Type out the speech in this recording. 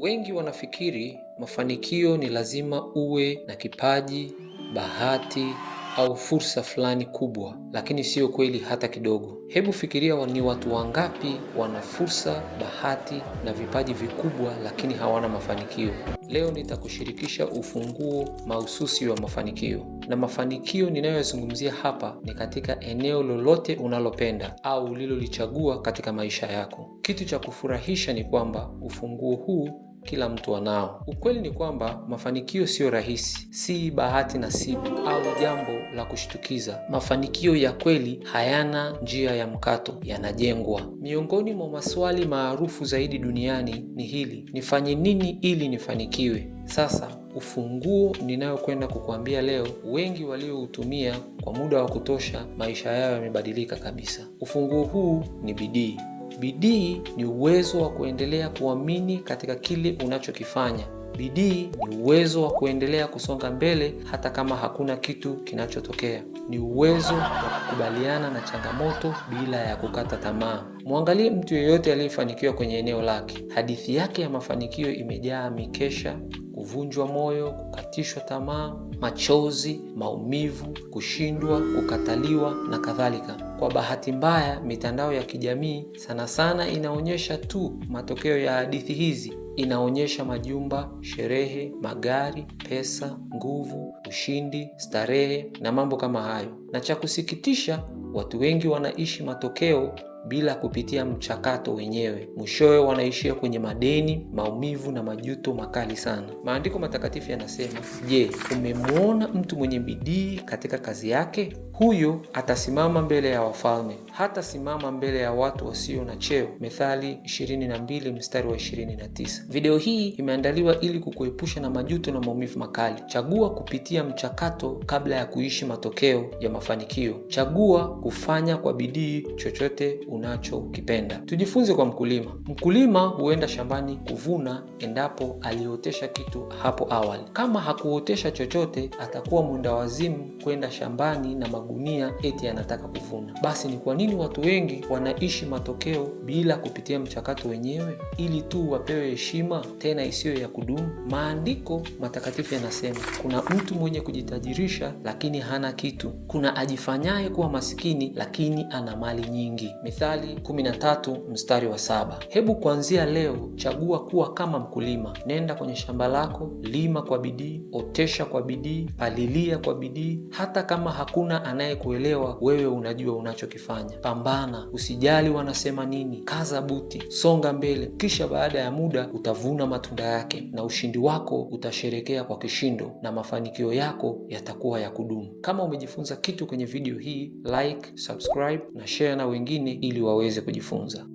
Wengi wanafikiri mafanikio ni lazima uwe na kipaji, bahati au fursa fulani kubwa, lakini sio kweli hata kidogo. Hebu fikiria ni watu wangapi wana fursa, bahati na vipaji vikubwa, lakini hawana mafanikio. Leo nitakushirikisha ufunguo mahususi wa mafanikio, na mafanikio ninayoyazungumzia hapa ni katika eneo lolote unalopenda au ulilolichagua katika maisha yako. Kitu cha kufurahisha ni kwamba ufunguo huu kila mtu anao. Ukweli ni kwamba mafanikio siyo rahisi, si bahati nasibu au jambo la kushtukiza. Mafanikio ya kweli hayana njia ya mkato, yanajengwa. Miongoni mwa maswali maarufu zaidi duniani ni hili, nifanye nini ili nifanikiwe? Sasa ufunguo ninayokwenda kukuambia leo, wengi waliohutumia kwa muda wa kutosha, maisha yao yamebadilika kabisa. Ufunguo huu ni bidii. Bidii ni uwezo wa kuendelea kuamini katika kile unachokifanya. Bidii ni uwezo wa kuendelea kusonga mbele hata kama hakuna kitu kinachotokea. Ni uwezo wa kukubaliana na changamoto bila ya kukata tamaa. Mwangalie mtu yeyote aliyefanikiwa kwenye eneo lake. Hadithi yake ya mafanikio imejaa mikesha kuvunjwa moyo, kukatishwa tamaa, machozi, maumivu, kushindwa, kukataliwa na kadhalika. Kwa bahati mbaya, mitandao ya kijamii sana sana inaonyesha tu matokeo ya hadithi hizi. Inaonyesha majumba, sherehe, magari, pesa, nguvu, ushindi, starehe na mambo kama hayo, na cha kusikitisha, watu wengi wanaishi matokeo bila kupitia mchakato wenyewe, mwishowe wanaishia kwenye madeni, maumivu na majuto makali sana. Maandiko matakatifu yanasema, je, umemwona mtu mwenye bidii katika kazi yake? Huyo atasimama mbele ya wafalme, hatasimama mbele ya watu wasio na cheo. Methali 22 mstari wa 29. Video hii imeandaliwa ili kukuepusha na majuto na maumivu makali. Chagua kupitia mchakato kabla ya kuishi matokeo ya mafanikio. Chagua kufanya kwa bidii chochote unachokipenda. Tujifunze kwa mkulima. Mkulima huenda shambani kuvuna endapo aliotesha kitu hapo awali. Kama hakuotesha chochote, atakuwa mwendawazimu kwenda shambani na magunia eti anataka kuvuna. Basi ni kwa nini watu wengi wanaishi matokeo bila kupitia mchakato wenyewe, ili tu wapewe heshima tena isiyo ya kudumu? Maandiko matakatifu yanasema kuna mtu mwenye kujitajirisha lakini hana kitu, kuna ajifanyaye kuwa masikini lakini ana mali nyingi. Mithali 13 mstari wa saba. Hebu kuanzia leo chagua kuwa kama mkulima. Nenda kwenye shamba lako, lima kwa bidii, otesha kwa bidii, palilia kwa bidii. Hata kama hakuna anayekuelewa, wewe unajua unachokifanya. Pambana, usijali wanasema nini, kaza buti, songa mbele, kisha baada ya muda utavuna matunda yake, na ushindi wako utasherekea kwa kishindo, na mafanikio yako yatakuwa ya kudumu. Kama umejifunza kitu kwenye video hii, like, subscribe na share na wengine ili waweze kujifunza.